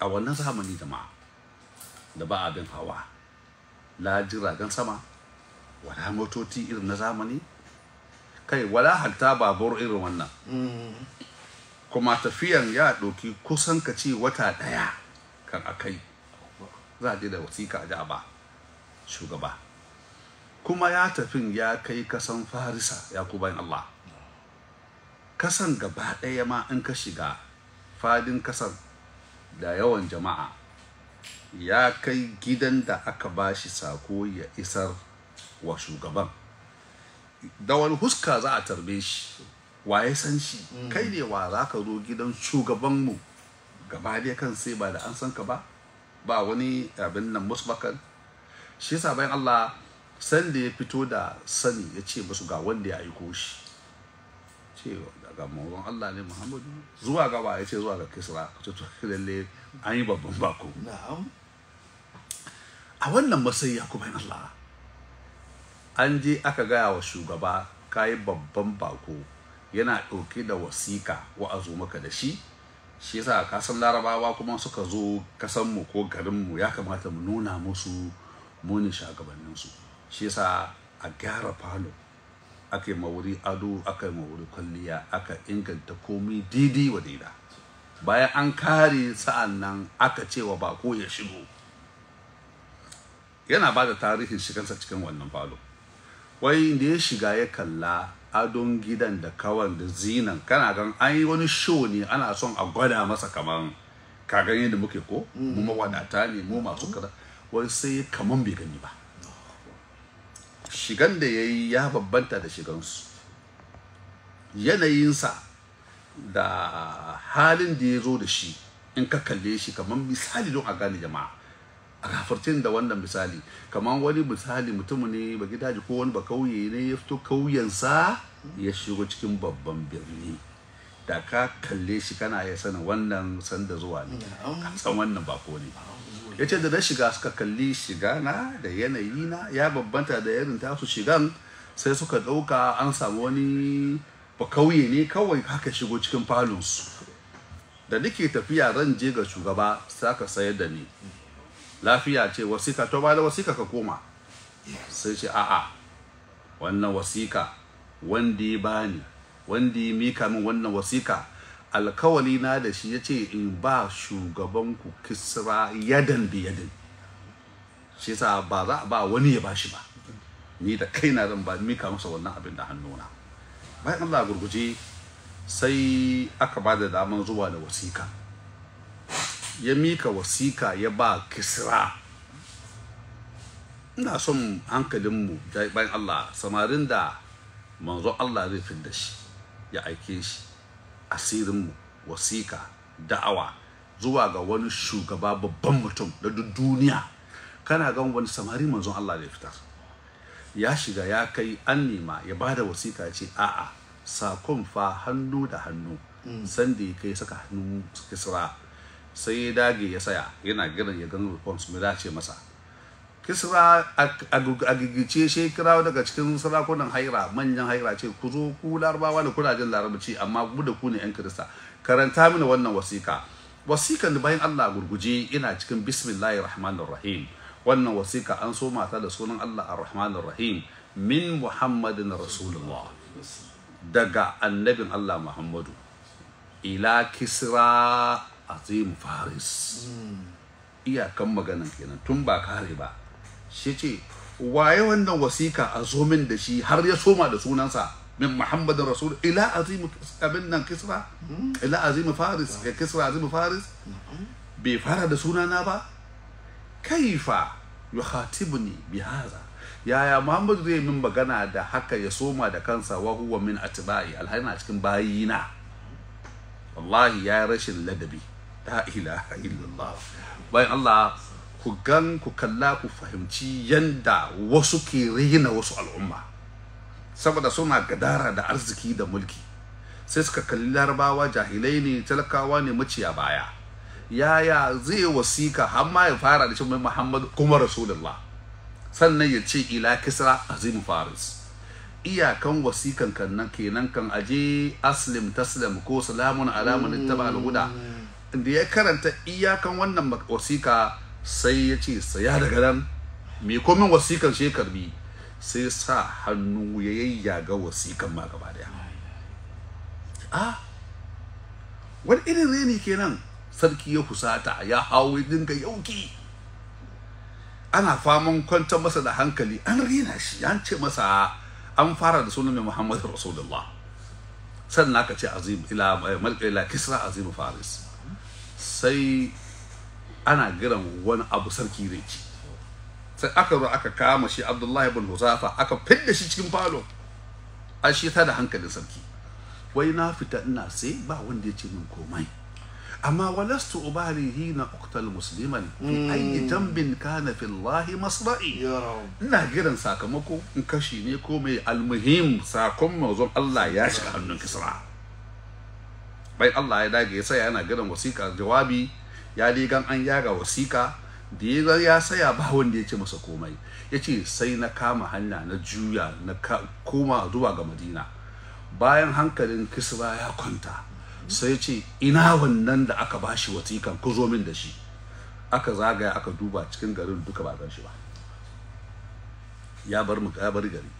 a wannan zamani da ma da ba abin hawa la jiragen sama wala motoci irin na zamani kai wala halta babur irin wannan mm. kuma tafiyan ya ɗauki kusan ka ce wata ɗaya kan akai za a je da wasiƙa ja ba shugaba kuma ya tafin ya kai kasan farisa ya ku bayan Allah kasan gaba ɗaya ma in ka shiga fadin kasan da yawan jama'a ya kai gidan da aka ba shi sako ya isar wa shugaban da wani huska za a tarbe shi wa ya san shi mm. kai ne wa za ka zo gidan shugaban mu? gaba dai kan sai ba da an san ka ba ba wani abin nan musbakan shi yasa bayan Allah sanda ya fito da sani ya ce musu ga wanda ya aiko shi cewa ga manzon Allah ne Muhammadu zuwa gaba ya ce zuwa ga Kisra ta to lalle an yi babban bako a wannan masayya ya kuma Allah an je aka gaya wa shugaba kayi babban bako yana ɗauke da wasiƙa wa'azu maka da shi shi yasa san larabawa kuma suka zo kasanmu ko garinmu ya kamata mu nuna musu muni shagabanninsu shi yasa a gyara falo aka yi mawuri ado aka yi mawuri kwalliya aka inganta komi didi wa daida bayan an kare sa'an nan aka cewa ba ko ya shigo yana ba da tarihin shigansa cikin wannan falo wai da ya shiga ya kalla adon gidan da kawan da zinan kana gan an yi wani show ne ana son a gwada masa kaman Ka kagan yadda muke ko mu mm. mawadata ne mu masu kaza wai sai kaman bai gani ba shigan da ya yi ya babbanta da shigan shigansu yanayinsa da halin da ya zo da shi in ka kalle shi kamar misali don a gane jama'a a gafartin da wannan misali kamar wani misali mutum ne ba gidaje ko wani ba kauye ne ya fito kauyensa ya shigo cikin babban birni da ka kalle shi kana ya sana wannan sanda zuwa ne san wannan bako ne ya ce da na shiga suka kalli shiga na da yanayi na ya babbanta da irin su shigan sai suka ɗauka an samu wani bakauye ne kawai haka shigo cikin falonsu da nake tafiya ran je ga shugaba sai ka sayar da ni lafiya ce wasika to ba da wasika ka koma sai ce a'a wannan wasika wanda ya bani wanda ya mika min wannan wasika alkawali na da shi ya ce in ba shugabanku kisra yadan da yadan shi yasa ba za a ba wani ya ba shi ba ni da kaina zan ba mika masa wannan abin da hannuna bayan Allah gurguje sai aka ba da daman zuwa da wasika ya mika wasika ya ba kisra ina son hankalin mu bayan Allah samarin da manzo Allah zai fi da shi ya aike shi asirinmu wasika da'awa zuwa ga wani shugaba babban mutum da duk duniya kana gan wani samari manzon Allah da fitar ya shiga ya kai an nema ya bada wasika ce a'a sakon fa hannu da hannu mm. sanda ya kai saka hannu sura sai ya dage ya saya yana girin ya gano response mai dace masa kisra a gigice shi daga cikin sarakunan haira manyan haira ce ku zo ku larabawa da kudajen larabci amma ku da ku ne yan kirista karanta mini wannan wasika wasikan da bayan Allah gurguje ina cikin bismillahir rahmanir rahim wannan wasika an so mata da sunan Allah ar-rahmanir rahim min muhammadin rasulullah daga annabin Allah muhammadu ila kisra azim faris hmm. iyakan maganan kenan tun ba kare ba shi ce waye wannan wasika a zomin da shi har ya soma da sunansa min muhammadin rasul ila azim abin nan kisra ila azim faris ya eh, kisra azim faris bai fara da sunana ba kaifa ni bi haza. yaya muhammadu zai min magana da haka ya soma da kansa wa huwa min atba'i alhaina cikin bayina wallahi ya rashin ladabi la ilaha illallah bayan Allah ku gan ku kalla ku fahimci yanda wasu ke raina wasu al'umma saboda suna gadara da arziki da mulki sai suka kalli larabawa jahilai ne talakawa ne maciya baya yaya zai wasika har ma ya fara da mai muhammad kuma rasulullah sannan ya ce ila kisra azim faris iyakan wasikan kan kenan kan aje aslim taslim ko salamun alamun ittaba al-huda mm. da ya karanta iyakan wannan wasika sai ya ce saya daga nan mai komin wasikan shi karbi sai sa hannu ya yayyaga wasikan ma gaba daya a ah, wani irin reni kenan sarki ya kusata ya hawo dinga yauki ana faman kwantar masa da hankali an rina shi an ce masa an fara da sunan Muhammad Rasulullah sannan aka ce azim ila malka ila kisra azim faris sai ana giran wani abu sarki zai ci sai aka zo aka kama shi abdullahi bin huzafa aka fidda shi cikin falo a shi ta da hankalin sarki wai na fita ina sai ba wanda ya ce min komai amma walastu ubali hina uqtal musliman fi hmm. ayi dambin kana fi lahi masra'i ina giran sakamako in kashi ne ko mai almuhim sakon mazon Allah ya shiga hannun kisra bai Allah ya dage sai yana giran wasiƙa jawabi ya ligan an yaga wasika da ya ya saya ba wanda ya ce masa komai ya ce sai na kama hanya na juya na koma zuwa ga madina bayan hankalin kisra ya kwanta sai ya ce ina wannan da aka ba shi watikan ku zo min da shi aka zagaya aka duba cikin garin duka ba gan shi ba ya bar gari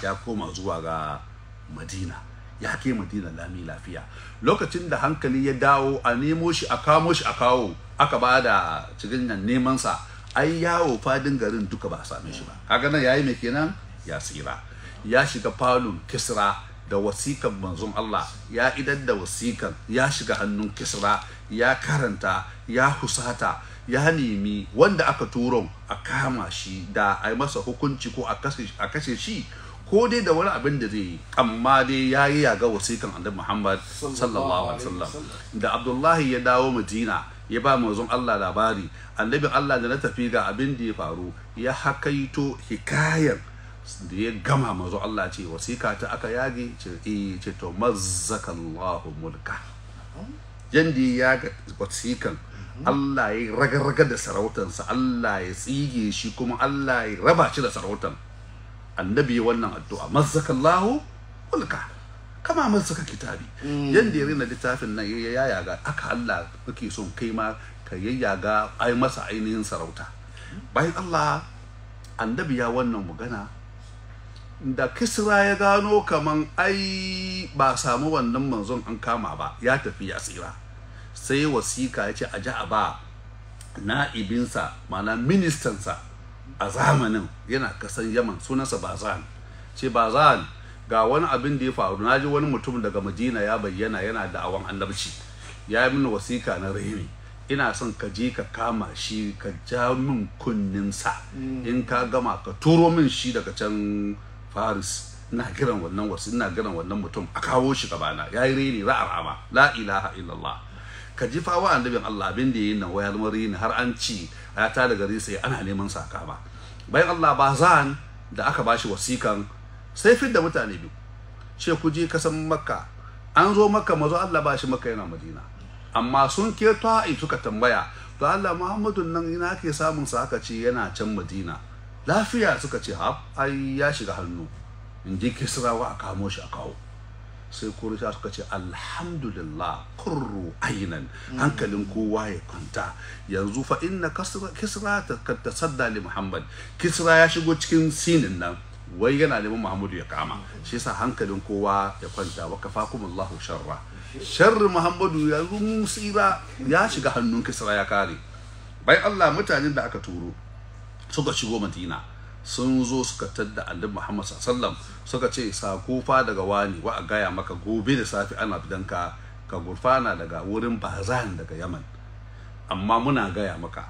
ya koma zuwa ga madina ya ke madina lami lafiya lokacin da hankali ya dawo a nemo shi a kamo shi a kawo aka ba da cikin neman sa ai yawo fadin garin duka ba same shi ba kaga nan yayi mai kenan ya tsira ya shiga falun kisra da wasikan manzon Allah ya idar da wasikan ya shiga hannun kisra ya karanta ya husata ya nemi wanda aka turo a kama shi da a masa hukunci ko a kashe shi ko dai da wani abin da zai yi amma dai ya yi yaga wasikan annabi Muhammad sallallahu alaihi wasallam da Abdullahi ya dawo Madina ya ba mazun Allah labari annabin Allah da na tafi ga abin da ya faru ya hakaito hikayar da ya gama mazun Allah ce wasika ta aka yage ce eh, ce to mazzakallahu mulka yanda ya yaga wasikan Allah ya raga-raga da sarautansa Allah ya tsige shi kuma Allah ya raba shi da sarautansa annabi wannan addu'a mazzakallahu ulka kama mazzaka kitabi mm. yanda ya rina littafin nan ya ga aka Allah kake son kai ma ka ga ai masa ainihin sarauta bayan Allah annabi ya wannan magana da kisra ya gano kaman ai ba samu wannan manzon an kama ba ya tafi ya tsira sai wasika ya ce a ji a ba na'ibinsa mana ministansa a zamanin yana kasan yaman sunansa bazan ce bazan ga wani abin da ya faru na ji wani mutum daga madina ya bayyana yana da awon annabci ya yi mini wasika na rahimi ina son ka je ka kama shi ka ja min kunninsa mm. in ka gama ka turo min shi daga can faris ina kiran wannan wasu ina kiran wannan mutum a kawo shi gabana ya yi rini ra'arama la ilaha illallah ka ji fa wa annabin Allah abin da yayin nan wayar ne har an ci ya ta da gari sai ana neman saka ba bayan Allah ba zan da aka bashi wasikan sai fidda da mutane biyu ce ku je kasan makka an zo makka mazo Allah bashi makka yana madina amma sun ke ta'i suka tambaya to Allah Muhammadu nan ina ke samun sa aka ce yana can madina lafiya suka ce ha ai ya shiga hannu in je kisrawa a kamo shi a kawo sai kurisha suka ce alhamdulillah kurru ainan hankalin kowa ya kwanta yanzu fa inna kisra ta tasadda li muhammad kisra ya shigo cikin sinin nan wai yana neman muhammadu ya kama shi yasa hankalin kowa ya kwanta wa allahu sharra sharri muhammadu ya tsira ya shiga hannun kisra ya kare bai allah mutanen da aka turo suka shigo madina sun zo suka tadda annabi Muhammad sallallahu suka ce sako fa daga wani wa a gaya maka gobe da safe ana fidanka ka gurfana daga wurin bazan daga Yaman amma muna gaya maka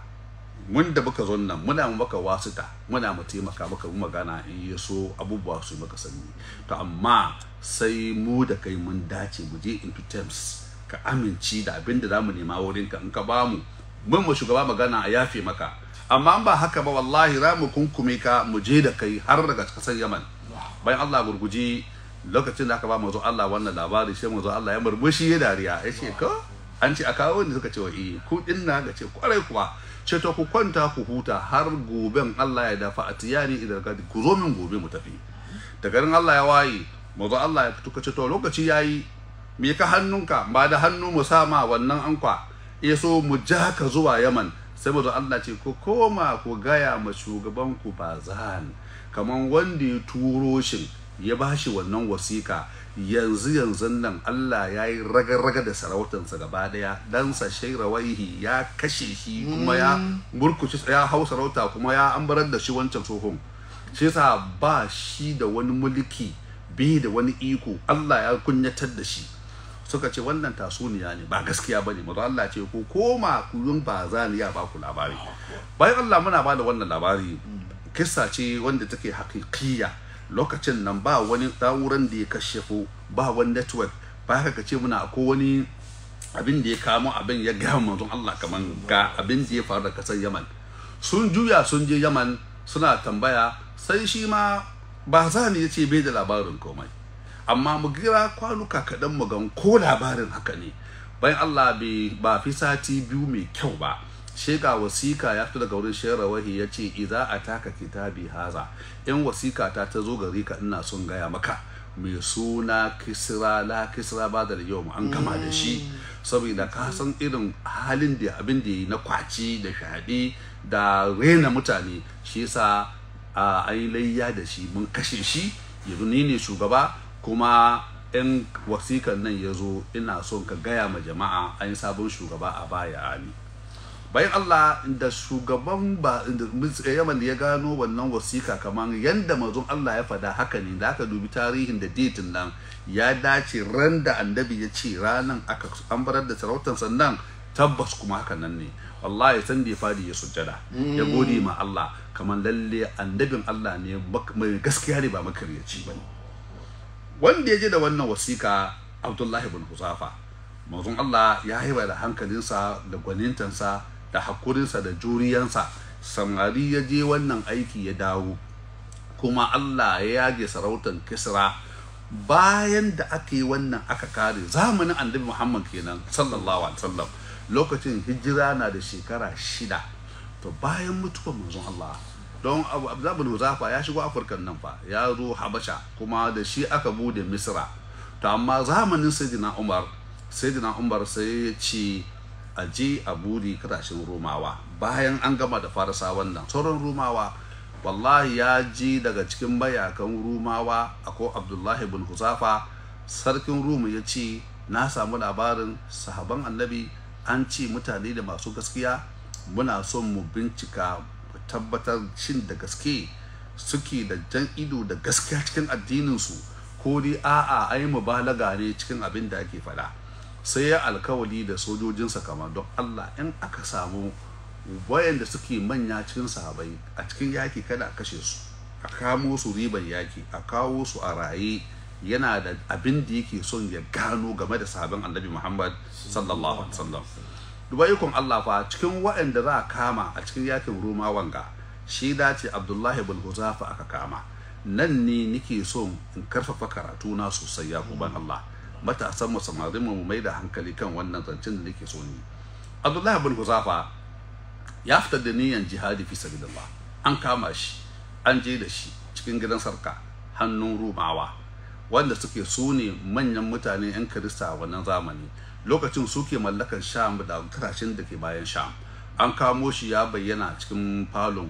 mun da muka zo nan muna maka wasita muna mu taimaka maka mu magana in ya so abubuwa su maka sanni to amma sai mu da kai mun dace mu je into terms ka amince da abinda da zamu nema wurinka in ka bamu mun mu shugaba magana a yafe maka amma ba haka ba wallahi za mu kunkume ka mu je da kai har daga kasar yaman bayan allah gurguji lokacin da aka ba mazo allah wannan labari sai mazo allah ya murmushi ya dariya ya ce ko an ce a kawo ne suka ce wa iya eh, ku dinna ga ce kwarai kuwa ce to ku kwanta ku huta har goben allah ya dafa a tiyani idan ka ku zo min gobe mu tafi da garin allah ya waye mazo allah ya fito ka ce to lokaci yayi me ka hannunka ba da hannu mu sama wannan ankwa ya so mu ja ka zuwa yaman saboda Allah ce ku koma ku gaya ma shugaban ku bazan kaman wanda ya turo shi ya bashi wannan wasika yanzu yanzu nan Allah ya yi raga-raga da sarautansa gaba daya Shaira shairawaihi ya kashe shi kuma ya mm. murkushi ya hau sarauta kuma ya ambarar da shi wancan tsohon shi sa ba shi da wani mulki bi da wani iko Allah ya kunyatar da shi suka ce wannan tasuniya ne ba gaskiya ba ne mazu Allah ce ko koma kuyun ba zaniya ba ku labari bayan Allah muna ba da wannan labari kissa ce wanda take hakikiya lokacin nan ba wani na'uran da ya ko ba wani network ba haka ka ce muna ko wani abin da ya kamo abin ya gaya mutum Allah kaman ga abin da ya faru da kasar Yaman sun juya sun je Yaman suna tambaya sai shi ma ba zani ya ce bai da labarin komai amma mu gira kwanuka kaɗan mu gan ko labarin haka ne bayan Allah bai ba fi sati biyu mai kyau ba shega wasika ya fito daga wurin shera wahi ya ce iza a taka kitabi haza yan wasika ta ta zo gari ka ina son gaya maka mai suna kisra la kisra ba da yau an kama da shi mm. saboda ka san irin halin da abin da yi na kwaci da shaɗi da rena mutane shi yasa a yi layya da shi mun kashe shi yanzu ni ne shugaba kuma in wasikan nan ya zo ina son ka gaya ma jama'a an yi sabon shugaba a baya ami bayan Allah da shugaban ba yaman ya gano wannan wasika kamar yadda mazun Allah ya fada haka ne da aka dubi tarihin da datin nan ya dace ran da annabi ya ce ranan aka barar da sarautar sannan tabbas kuma haka nan ne wallahi san da ya fadi ya sujjada ya gode ma Allah kamar lalle annabin Allah ne mai gaskiya ne ba makaryaci ba ne wanda ya je da wannan wasiƙa abdullahi bin Husafa, mazun allah ya haiba da hankalinsa da gwanintansa da hakurinsa da juriyansa samari ya je wannan aiki ya dawo kuma allah ya yage sarautan kisra bayan da aka yi wannan aka kare zamanin annabi muhammad kenan sallallahu alaihi wasallam lokacin hijira na da shekara shida to bayan mutuwar mazun allah don da Muzaffa ya shigo afirka nan fa ya zo habasha kuma da shi aka bude misra to amma zamanin sayyidina umar sayyidina umar sai ya ce a je a buri kadashin romawa bayan an gama da farasa wannan sauran romawa wallahi ya ji daga cikin mayakan rumawa ko abdullahi bin huzafa sarkin rumu ya ce na samu labarin sahaban annabi an ce mutane da masu gaskiya muna son mu bincika tabbatar shin da gaske suke da jan ido da gaskiya cikin addininsu ko dai a'a ai mubalaga ne cikin abin da ake faɗa sai ya alkawali da sojojinsa kamar don Allah in aka samu wayanda suke manya cikin sahabai a cikin yaki kada a kashe su a kamo su riban yaki a kawo su a raye yana da abin da yake son ya gano game da sahabin annabi Muhammad sallallahu alaihi wasallam duba Allah fa cikin waɗanda za a kama a cikin yakin Roma wanga shi dace Abdullahi bin Huzafa aka kama nan ne nike so in karfafa karatu na sosai ya kuban Allah matasan mu samarin mu mai da hankali kan wannan zancen da nake so ni Abdullahi bin Huzafa ya fita da niyan jihadi fi sabilillah an kama shi an je da shi cikin gidan sarka hannun Rumawa wanda suke su ne manyan mutane 'yan Kirista a wannan zamani lokacin suke mallakar sham da tarashin da ke bayan sham an kamo shi ya bayyana cikin falon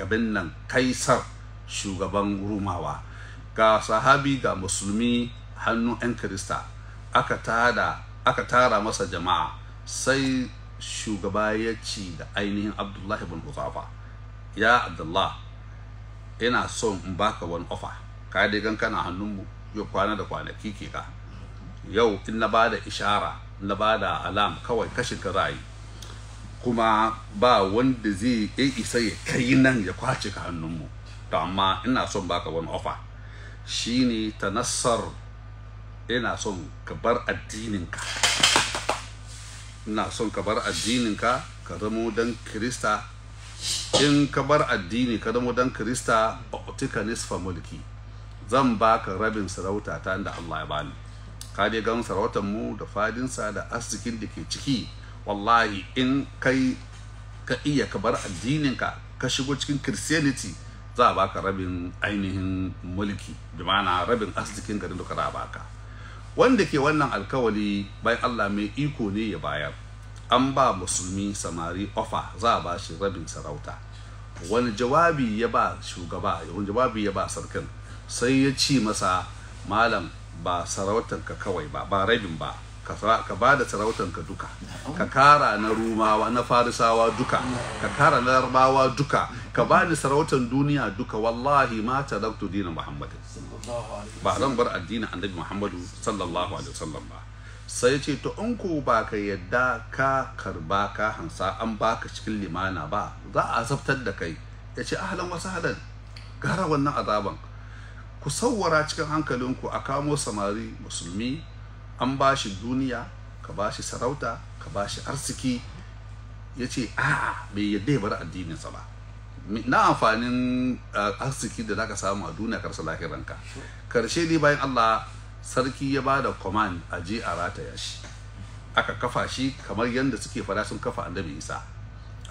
abin nan kaisar shugaban rumawa ga sahabi ga musulmi hannu 'yan kirista aka tara masa jama'a sai shugaba ya ci da ainihin abdullahi bin uzafa ya abdullah ina son in baka wani ofa ka dai gan kana hannunmu ya kwana da kwanaki ke ka yau in na bada ishara na bada alam kawai kashin ka ra'ayi kuma ba wanda zai ya isa ya kai nan ya kwace ka hannunmu to amma ina son baka wani ofa shine nassar ina son ka bar addininka ina son ka bar addininka ka zamo dan krista in ka bar addini ka zamo dan krista a nisfa mulki zan baka rabin sarauta ta inda Allah ya bani ka je gan sarautar mu da fadinsa da arzikin da ke ciki wallahi in kai ka iya ka bar addininka ka shigo cikin christianity za a baka rabin ainihin mulki bi ma'ana rabin arzikin garin da ka baka wanda ke wannan alkawali bayan Allah mai iko ne ya bayar an ba musulmi samari ofa za ba shi rabin sarauta wani jawabi ya ba shugaba wani jawabi ya ba sarkin sai ya ci masa malam ba sarautarka kawai ba ba rabin ba ka ba da sarautanka duka ka kara na rumawa na farisawa duka ka kara na larbawa duka ka ba ni sarautan duniya duka wallahi ma ta daktu dinin Muhammadu. ba zan bar addinin annabi muhammadu sallallahu alaihi wasallam ba sai ce to in ku ba ka yadda ka karba ka hansa an baka cikin limana ba za a zaftar da kai ya ce ahalan wasu halan gara wannan azaban ku sauwara cikin hankalinku a kamo samari musulmi an ba shi duniya ka ba shi sarauta ka ba shi arziki ya ce a'a bai yadda ya bar addininsa ba na amfanin arziki da zaka samu a duniya karsa lahiranka karshe ne bayan Allah sarki ya bada command a je a rataya shi aka kafa shi kamar yadda suke fara sun kafa annabi Isa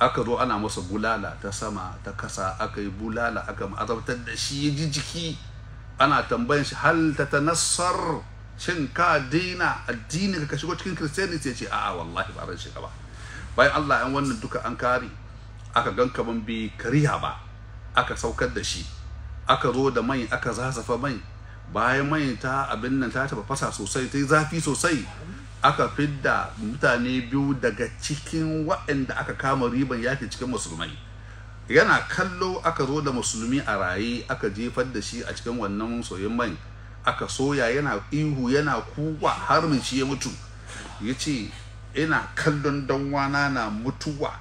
aka zo ana masa bulala ta sama ta kasa aka yi bulala aka ma'azabtar da shi ya ji jiki ana tambayan shi hal ta tanassar shin ka dina addini ka shigo cikin christianity ya ce a'a wallahi ba ran shiga ba bayan Allah yan wannan duka an kare aka ganka ban bi kariya ba aka saukar da shi aka zo da mai aka zasafa mai bayan mai ta abin nan ta taba fasa sosai ta yi zafi sosai aka fidda mutane biyu daga cikin waɗanda aka kama riban yaki cikin musulmai yana kallo aka zo da musulmi a raye aka jefar da shi a cikin wannan soyin mai aka soya yana ihu yana kuwa har shi ya mutu ya ce ina kallon danwana na mutuwa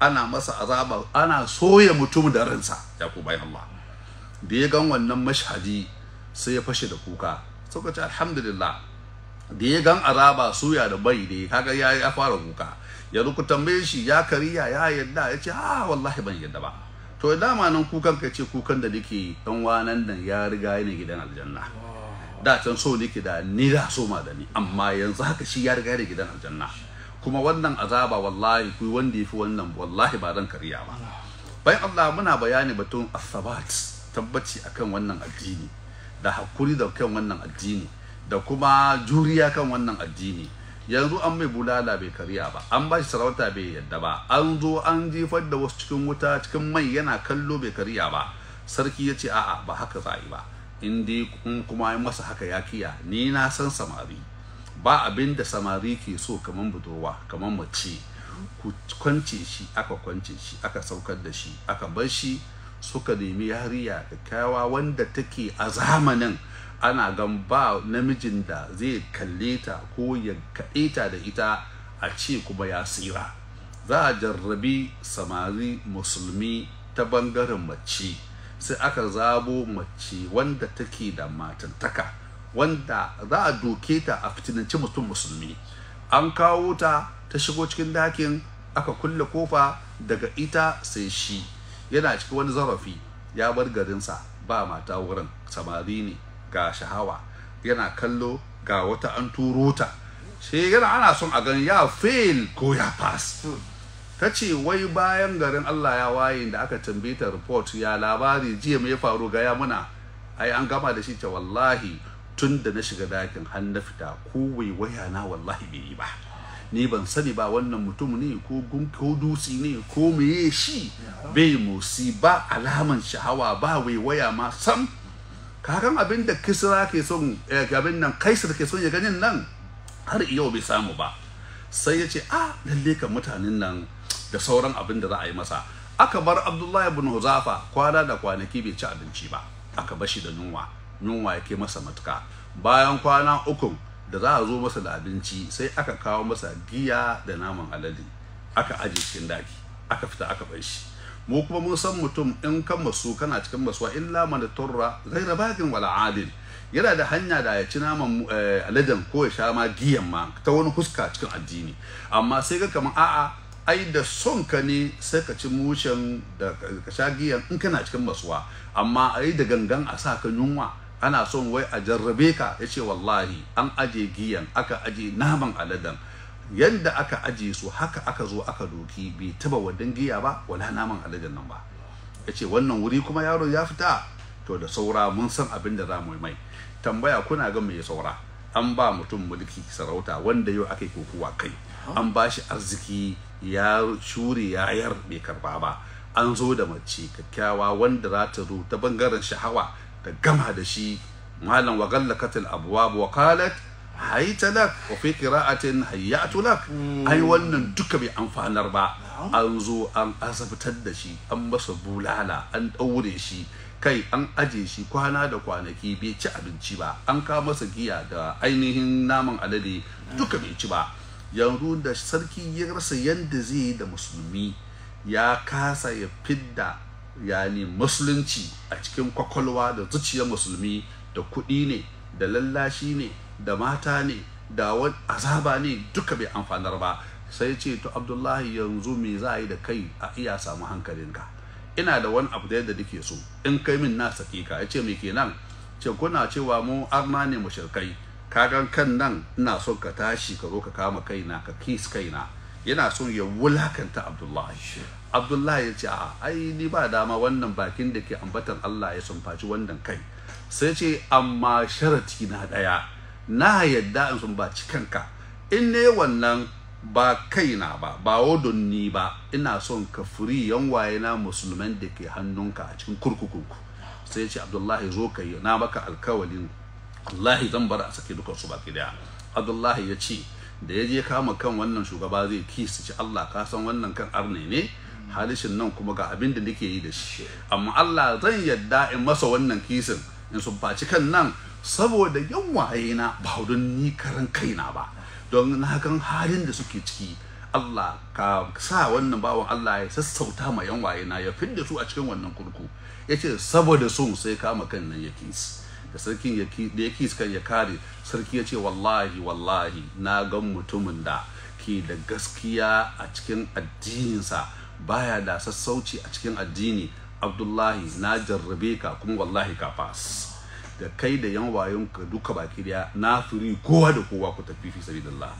ana masa azaba ana soya mutum da ransa ya ku bayan Allah da ya gan wannan mashhadi sai ya fashe da kuka suka ce alhamdulillah da ya gan araba suya da bai ne kaga ya ya fara kuka ya ruku tambaye shi ya kariya ya yadda ya ce ha ah, wallahi ban yadda ba to dama nan kukan ka ce kukan da nake dan wanan nan ya riga yana gidan aljanna da can so nake da ni da so ma da ni amma yanzu haka shi ya riga yana gidan aljanna kuma wannan azaba wallahi ku wanda yafi wannan wallahi ba dan kariya ba Bai Allah muna bayani batun asabat tabbaci akan wannan addini da hakuri da kan wannan addini da kuma juriya kan wannan addini yanzu an mai bulala bai kariya ba an ba shi sarauta bai yadda ba an zo an jefar da wasu cikin wuta cikin mai yana kallo bai kariya ba sarki ya ce a'a ba haka za ba in dai kuma yi masa haka ya kiya ni na san samari ba abin da samari ke so kamar budurwa kamar mace ku kwance shi aka kwance shi aka saukar da shi aka bar shi suka nemi yariya da kyawa wanda take a zamanin ana gan ba namijin da zai kalle ta ko ya kaɗe ta da ita a ce kuma ya tsira za a jarrabi samari musulmi ta bangaren mace sai aka zabo mace wanda take da matantaka wanda za a doke ta a fitinanci mutum musulmi an kawo ta ta shigo cikin dakin aka kulle kofa daga ita sai shi yana cikin wani zarafi ya bar garinsa ba mata wurin samari ne ga shahawa yana kallo ga wata an turo ta shi yana ana son a gani ya fail ko ya pass ta ce wai bayan garin Allah ya waye da aka tambaye ta report ya labari jiya mai faru ga ya muna ai an gama da shi ta wallahi tun da na shiga dakin har na fita ko waya na wallahi bai yi ba ni ban sani ba wannan mutum ne ko gun ko dutsi ne ko meye shi bai si ba alaman shahawa ba wai waya ma sam kakan abin da kisra ke son eh, abin nan kaisar ke son ya ganin nan har yau bai samu ba sai ya ce a ah, lalle kan mutanen nan da sauran abin da za a yi masa aka bar abdullahi ibn huzafa kwana da kwanaki bai ci abinci ba aka bashi da nunwa yunwa yake masa matuka bayan kwana uku da za a zo masa da abinci sai aka kawo masa giya da naman alade aka aje cikin daki aka fita aka bar shi mu kuma mun san mutum in kan masu kana cikin masuwa illa man turra ghaira baqin wala adil yana da hanya da ya ci naman eh, aladan ko ya sha ma giyan ma ta wani huska cikin addini amma sai ga kamar a'a ai da son ka ne sai ka ci mushen da ka sha giyan in kana cikin masuwa amma ai da gangan a sa ka yunwa ana son wai a jarrabe ka yace wallahi an aje giyan aka aje naman aladan. yanda aka aje su haka aka zo aka doki bai taba wadan giya ba wala naman alajan nan ba yace wannan wuri kuma yaro ya fita to da saura mun san abin da zamu mai tambaya kuna ga ya saura an ba mutum mulki sarauta wanda yau aka kokuwa kai an ba shi arziki ya shuri ya yar bai karba ba an zo da mace kyakkyawa wanda za ta zo ta bangaren shahawa ta gama da shi malam wa gallakatil abwab wa qalat haita lak wa fi qira'atin hayyatu lak hmm. ai wannan duka bai amfanar ba an zo an azabtar da shi an masa bulala an daure shi kai an aje shi kwana da kwanaki bai ci abinci ba an kawo masa giya da ainihin naman alade duka bai ci ba yanzu da sarki ya rasa yanda zai yi da musulmi ya kasa ya fidda yani musulunci a cikin kwakwalwa da zuciyar musulmi da kuɗi ne da lallashi ne da mata ne da azaba ne duka bai amfanar ba sai ce to abdullahi yanzu me za a yi da kai a iya samu hankalinka ina da wani abu da yadda nake so in kai min na sakika ya ce me kenan ce kuna cewa mu arna ne mu shirkai kagan kan nan ina so ka tashi ka zo ka kama kaina ka kis kaina yana so ya wulakanta abdullahi abdullahi ya ce a ai ni ba dama wannan bakin da ke ambatan allah ya sumfaci wannan kai sai ce amma sharati na ɗaya na yadda in sun ba ka in ne wannan ba kaina ba ba wadon ni ba ina son ka furi yan waye na musulman da ke hannunka a cikin kurkukunku sai ya ce abdullahi zo ka yi na maka alkawalin wallahi zan bar a sake dukansu ba ke daya abdullahi ya ce da ya je kama kan wannan shugaba zai kisa ci allah ka san wannan kan arne ne halishin nan kuma ga abin da nake yi da shi amma allah zan yadda in masa wannan kisin in sun faci kan nan saboda yan wayena ba don ni karan kaina ba don na gan halin da suke ciki Allah ka sa wannan bawan Allah ya sassauta ma yan wayena ya fidda su a cikin wannan kurku yace saboda sun sai kama kan nan yake da sarkin da yake kan ya kare sarki ya ce wallahi wallahi na gan mutumin da ke da gaskiya a cikin addininsa baya da sassauci a cikin addini abdullahi na jarrabe ka kuma wallahi ka fas da kai da yan wayon ka duka baki daya na firi kowa da kowa ku tafi fi Allah.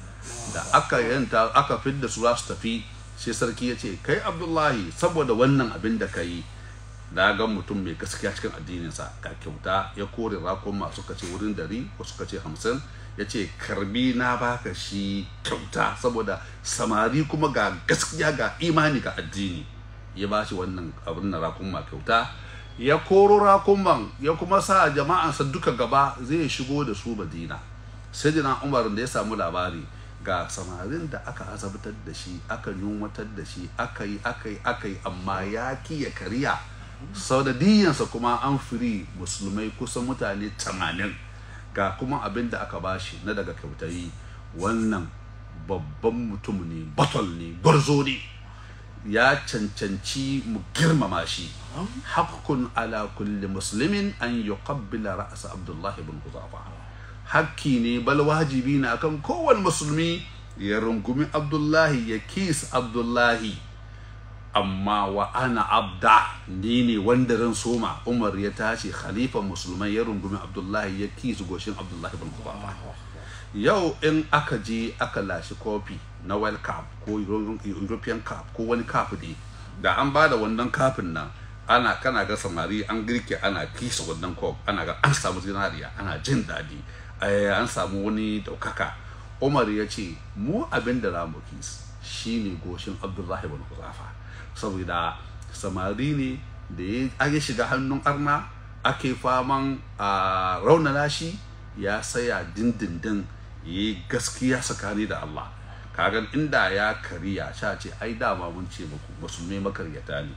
da aka yanta aka fidda su su tafi sai sarki ya ce kai abdullahi saboda wannan abin da ka yi na ga mutum mai gaskiya cikin addininsa ga kyauta ya kore rakon masu kace wurin dari wasu kace hamsin ya ce karbi na baka shi kyauta saboda samari kuma ga gaskiya ga imani ga addini ya ba shi wannan abin na rakon ma kyauta ya koro rakunman ya kuma sa jama'ansa duka gaba zai shigo da su madina sai umar da ya samu labari ga samarin da aka azabtar da shi aka yunwatar da shi aka yi aka yi aka yi amma ya kiya kariya sau da diyansa kuma an firi musulmai kusan mutane tamanin ga kuma abin da aka bashi na daga kyautayi wannan babban mutum ne batal ne gwarzo ne ya cancanci mu girmama shi Hakkun ala kulli muslimin an yuqabbila ra'sa abdullahi ibn huzafa hakki ne bal wajibi na kan kowane musulmi ya rungumi abdullahi ya kis abdullahi amma wa ana abda ni ne wanda ran soma umar ya tashi khalifa musulman ya rungumi abdullahi ya kis goshin abdullahi bin huzafa yau in aka je aka lashi kofi na world cup ko european cup ko wani cup ne da an ba da wannan kafin nan ana kana ga samari an girke ana kisa wannan cup ana ga an samu zinariya ana jin daɗi eh, an samu wani daukaka umar ya ce mu abin da ramu shi ne goshin abdullahi wani kuzafa saboda samari ne da ya shiga hannun arna ake faman a raunana shi ya saya dindindin ya yi gaskiya tsakani da Allah kagan inda ya kariya sha ce ai da dama mun ce muku mai makaryata ne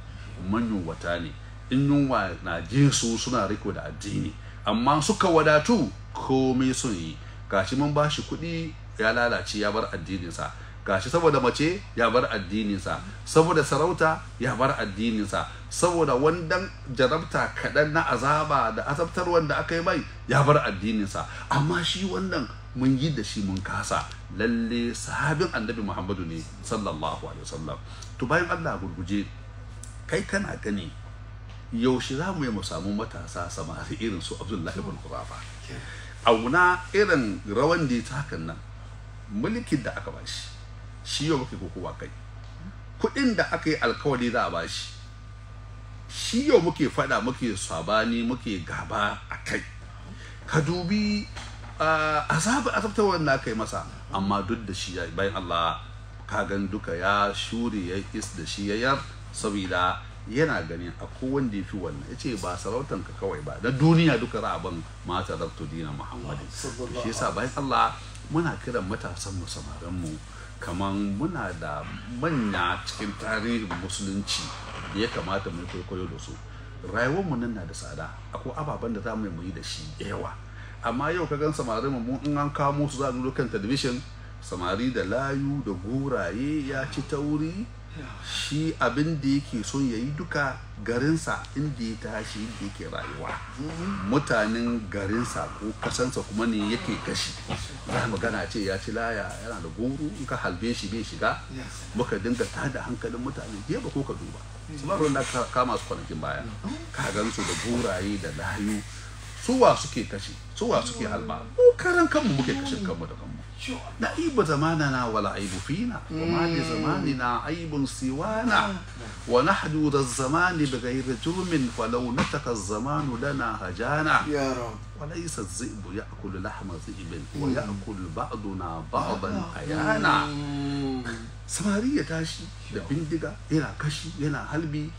yunwata ne in yunwa na jinsu suna riko da addini amma suka wadatu komai sun yi gashi mun ba shi kuɗi ya lalace ya bar addininsa gashi saboda mace ya bar addininsa saboda sarauta ya bar addininsa saboda wandan jarabta kaɗan na azaba da azabtar wanda aka yi mai ya bar addininsa amma shi wannan mun yi da shi mun kasa lalle sahabin annabi muhammadu ne sallallahu alaihi wasallam to bayan allah gurguje kai kana gani yaushe za mu yi mu samu matasa samari irin su abdullahi ibn A auna irin rawan da ya hakan nan mulkin da aka bashi shi yau muke kokowa kai kuɗin da aka yi alkawari za a bashi shi yau muke faɗa muke sabani muke gaba a kai ka dubi A a azabta wannan aka yi masa amma duk da shi bayan Allah ka gan duka ya shuri ya is da shi ya yar saboda yana ganin a wanda ya fi wannan ya ce ba sarautar ka kawai ba na duniya duka ra'aban mata rabtu dina muhammadin shi yasa bayan Allah muna kiran matasan mu samaran mu kaman muna da manya cikin tarihin musulunci da ya kamata mu kwaikwayo da su rayuwar mu nan na da tsada akwai ababen da za mu yi da shi yawa amma yau ka gan samari mu in an kamo su za a kan talabishin samari da layu da guraye ya ci tauri shi abin da yake son ya yi duka garinsa inda ya tashi inda yake rayuwa mutanen garinsa ko kasansa kuma ne yake kashi za mu gana ce ya ci laya yana da goro in ka halbe shi bai shiga muka dinga ta da hankalin mutane ba ko ka duba su da kama su kwanakin baya ka gan su da guraye da layu suwa suke kashe suwa suke mu karan kanmu muke kashe kanmu da kanmu la aibu na wala aibu fina wa ma aibun siwana wa nahdu da zamani bi ghairi jurmin fa law nataka zamanu lana hajana ya rab wa laysa dhi'bu ya'kulu lahma dhi'bin wa ya'kulu ba'duna ba'dan ayana hmm. samari ya tashi da bindiga yana kashi yana halbi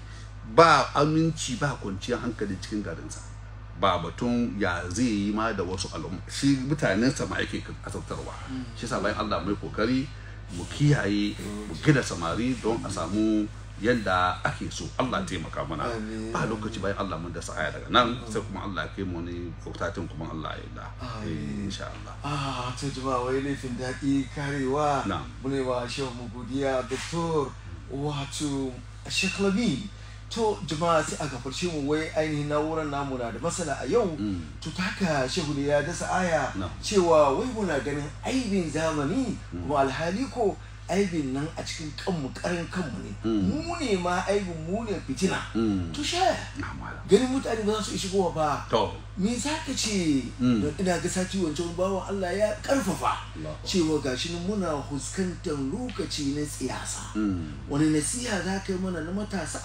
ba aminci ba kwanciyar hankali cikin garinsa ba batun ya zai yi ma da wasu al'umma shi mutanensa ma yake kasartarwa shi sa bayan Allah mai kokari mu kiyaye mu gida samari don a samu yadda ake so Allah taimaka mana Ba lokaci bayan Allah mun da sa'aya daga nan sai kuma Allah ke kai mu ne kautatin kuma Allah ya da eh, insha Allah ah, ta jima wai laifin daɗi karewa ne wa shehu mugudiya godiya doctor wato sheklabi to jama'a sai a gafarce mu wai ainihin na'urar namu na da masala a yau mm. to haka shehu ya dasa aya cewa wai muna ganin aibin zamani mm. kuma alhali ko aibin nan a cikin kanmu karin kanmu ne hmm. mu ne ma aibin mu ne fitina hmm. to she ganin mutane ba za su ishi kowa ba me za ka ce hmm. don ina ga sati wancan bawan Allah ya karfafa cewa gashi nan muna huskantar lokaci na siyasa wani nasiha za ka yi mana na matasa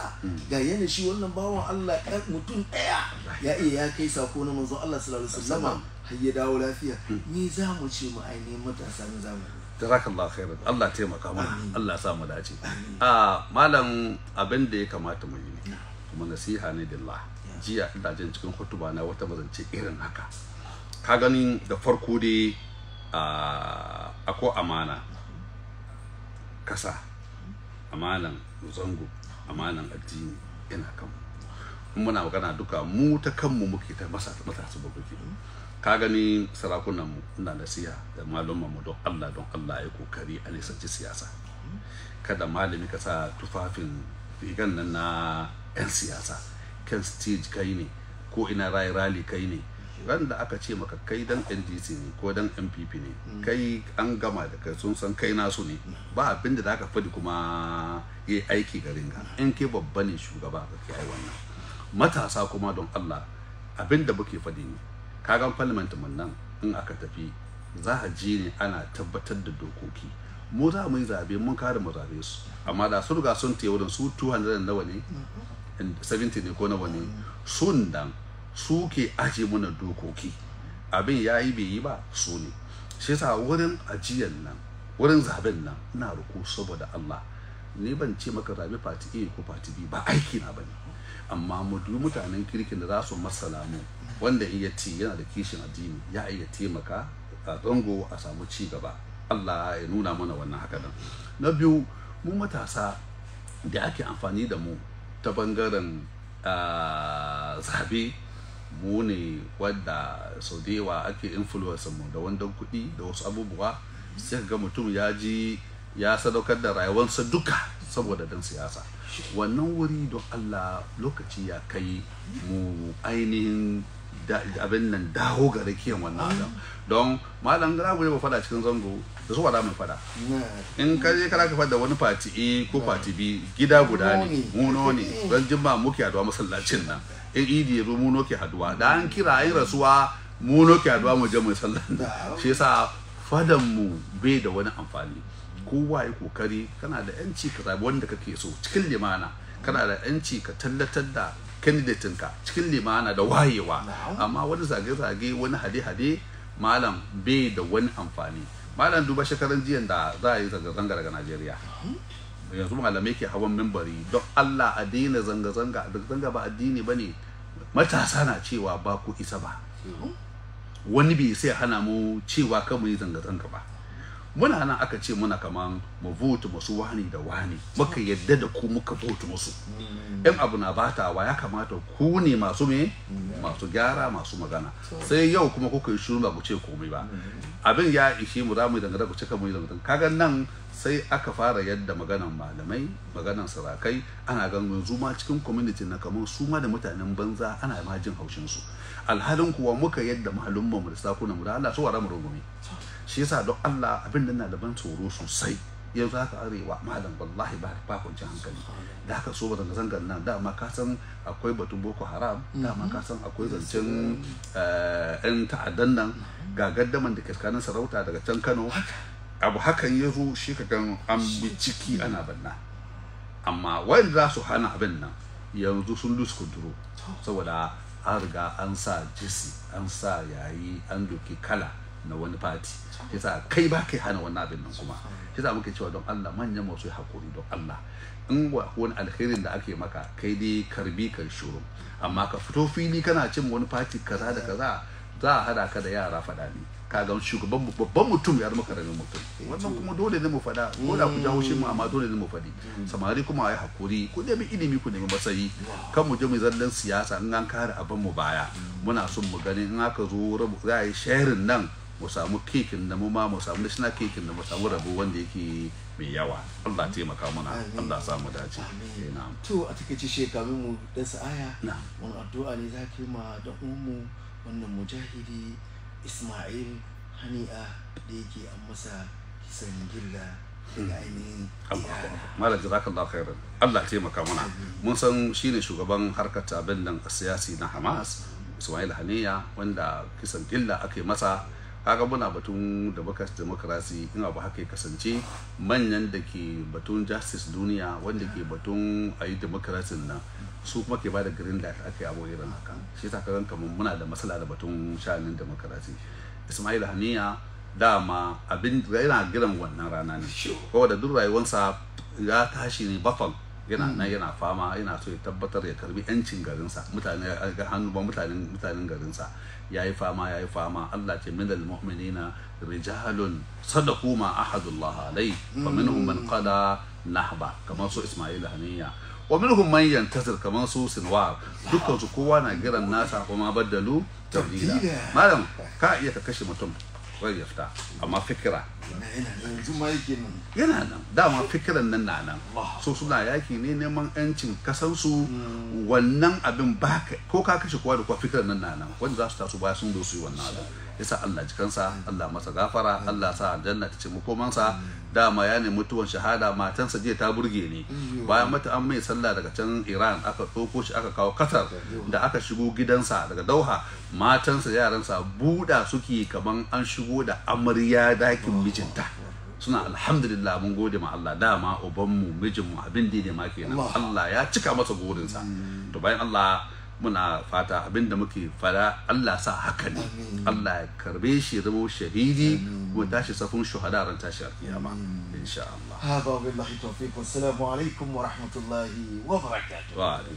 ga yana shi wannan bawan Allah mutum ɗaya ya iya ya kai sako na manzo Allah sallallahu alaihi wasallam har ya dawo lafiya me za mu ce mu ainihin matasa na zamani jazakallahu khairan Allah taimaka mana Allah ya sa dace a ah, malam abin da ya kamata mu yi ne kuma nasiha ne billah jiya ina jin cikin hutuba na wata mazance irin haka ka gani da farko dai a ah, ako amana kasa amanan zango amanan addini ina kan muna magana duka mu ta kanmu muke ta masa masa su babbake ka gani sarakunan mu ina nasiha da malumman mu don Allah don Allah ya kokari a nisanci siyasa kada malami ka sa tufafin rigan nan na yan siyasa kan stage kai ne ko ina rai rally kai ne ran da aka ce maka kai dan ndc ne ko dan mpp ne kai an gama da kai sun san kai nasu ne ba abin da aka fadi kuma yi aiki garin ka in ke babba ne shugaba ka kai wannan matasa kuma don allah abin da muke fadi ne kagan parliament mun nan in aka tafi za a ji ne ana tabbatar da dokoki mu za mu yi zabe mun kare mu zabe su amma da su ga sun tewa wurin su 200 nawa ne 70 ne ko nawa ne sun dan su ke aje mana dokoki abin ya yi bai yi ba su ne shi yasa wurin ajiyar nan wurin zaben nan ina roko saboda Allah ni ban ce maka zabe party A ko party B ba aiki na bane amma mu duk mutanen kirkin da za su masana mu wanda ya ce yana da kishin addini ya iya taimaka a tsango a samu ci gaba Allah ya nuna mana wannan haka nan na biyu mu matasa da ake amfani da mu ta bangaren zabe mu ne wadda sau da yawa ake influence mu da wanda kuɗi da wasu abubuwa sai ga mutum ya ji ya sadaukar da rayuwarsa duka saboda dan siyasa wannan wuri don allah lokaci ya kai mu ainihin abin nan dawo ga rakiyar wannan adam don malam gara guje ba fada cikin zango da su wada mai fada in ka je kana ka fada wani fati a ko fati b gida guda ne muno ne don jimma muke haduwa masallacin nan in idi ya zo muno ke haduwa da an kira yi rasuwa muno ke haduwa mu je mai sallan shi yasa fadan mu bai da wani amfani kowa ya kokari kana da yanci ka zabi wanda kake so cikin limana kana da yanci ka tallatar da candidate ka cikin limana da wayewa amma wani zage-zage wani hade-hade malam bai da wani amfani malam duba shekaran jiyan da za a yi zanga-zanga daga najeriya yanzu malamai ke hawan membari don allah a daina zanga-zanga zanga ba addini ba ne matasa na cewa ba ku isa ba wani bai sai hana mu cewa kan mu yi zanga-zanga ba muna nan aka ce muna kaman mu vote musu wani da wani muka yadda da ku muka vote musu mm. in abu na bata wa ya kamata ku ne masu me mm. masu gyara masu magana sai yau kuma kuka yi shiru ba ku ce komai ba mm. abin ya ishe mu zamu dangada ku cika mu yi kaga nan sai aka fara yadda maganan malamai maganan sarakai ana ganin yanzu ma cikin community na kaman su ma da mutanen banza ana ma jin haushin su alhalin kuwa muka yadda mahallin mu da sakuna mu da Allah su wara mu rungume shi yasa don Allah abin da na da ban tsoro sosai yanzu haka arewa malam wallahi ba ba kwanci hankali da haka so bazanga zangar nan dama ka san akwai batun boko haram dama ka san akwai zancen eh, yan ta'addan nan ga gaddaman da kaskanin sarauta daga can Kano abu hakan ya zo shi ka gan an bi ciki ana banna amma wani za su hana abin nan yanzu sun lose control saboda an riga an sa jisi an sa yayi an doki kala na wani fati yasa kai ba kai hana wannan abin nan kuma yasa muke cewa don Allah manyan masu hakuri don Allah in wani alherin da ake maka kai dai karbi kai shuru amma ka fito fili kana cin wani fati kaza da kaza za a hada ka da yara fada ne kaga shugaban babban mutum ya zama karamin mutum wannan kuma dole ne mu fada. ko da ku jawo shi mu amma dole ne mu fadi. samari kuma ayi hakuri ku nemi ilimi ku nemi masayi. kan mu je mu zallan siyasa in an kare abin mu baya muna son mu gani in aka zo za a yi sharing nan mu samu kekin da mu ma mu samu national kekin da mu samu rabo wanda yake mai yawa Allah taimaka muna Allah sa mu dace to a takeice shekarun mu dan sa'aya Na. wani addu'a ne zaki ma da umu wannan mujahidi ismail hani'a da yake an masa kisan gilla Allah taimaka mana mun san shine shugaban harkar tabin nan siyasi na Hamas Ismail Haniya wanda kisan gilla ake masa kaga muna batun democracy in abu haka ya kasance manyan da ke batun justice duniya wanda ke batun a yi democracy nan su kuma ke bada green light aka yi abuwa irin haka shi ta kaga kamar muna da matsala da batun sha'anin democracy ismail haniya dama abin yana giran wannan rana ne ko da duk rayuwarsa ya tashi ne bafan yana hmm. nan yana fama yana so ya tabbatar ya karbi yancin garinsa mutane hannu ba mutanen mutanen garinsa yayi fama yayi fama Allah ce min muminina rijalun sadaqu ma ahadullah alai wa minhum man qada nahba kamar su Ismail Haniya wa minhum man yantazir kamar su Sinwar dukkan su kowa na giran nasa kuma baddalu tabdila malam ka iya ka kashe mutum rai fita amma fikira yana nan dama fikiran nan na nan so suna yaki ne neman yancin kasansu wannan abin ba ko ka kashe kowa da kuwa fikiran nan na nan wanda za su taso baya sun zo su yi wannan abin yasa Allah jikansa Allah masa gafara Allah sa aljanna ta ce makomansa dama ya nemi mutuwan shahada matansa jiya ta burge ne bayan mata an mai sallah daga can Iran aka soko shi aka kawo Qatar da aka shigo gidansa daga Dauha matansa yaransa buɗa suke kaman an shigo da amarya dakin miji mijinta suna alhamdulillah mun gode ma Allah dama mijin mu abin da ne ma kenan Allah ya cika masa gurin sa to bayan Allah muna fata abin da muke fara Allah sa haka ne Allah ya karbe shi zama shahidi ko tashi safun shuhada ran tashi alkiyama insha Allah hada billahi tawfiq assalamu alaikum wa rahmatullahi wa barakatuh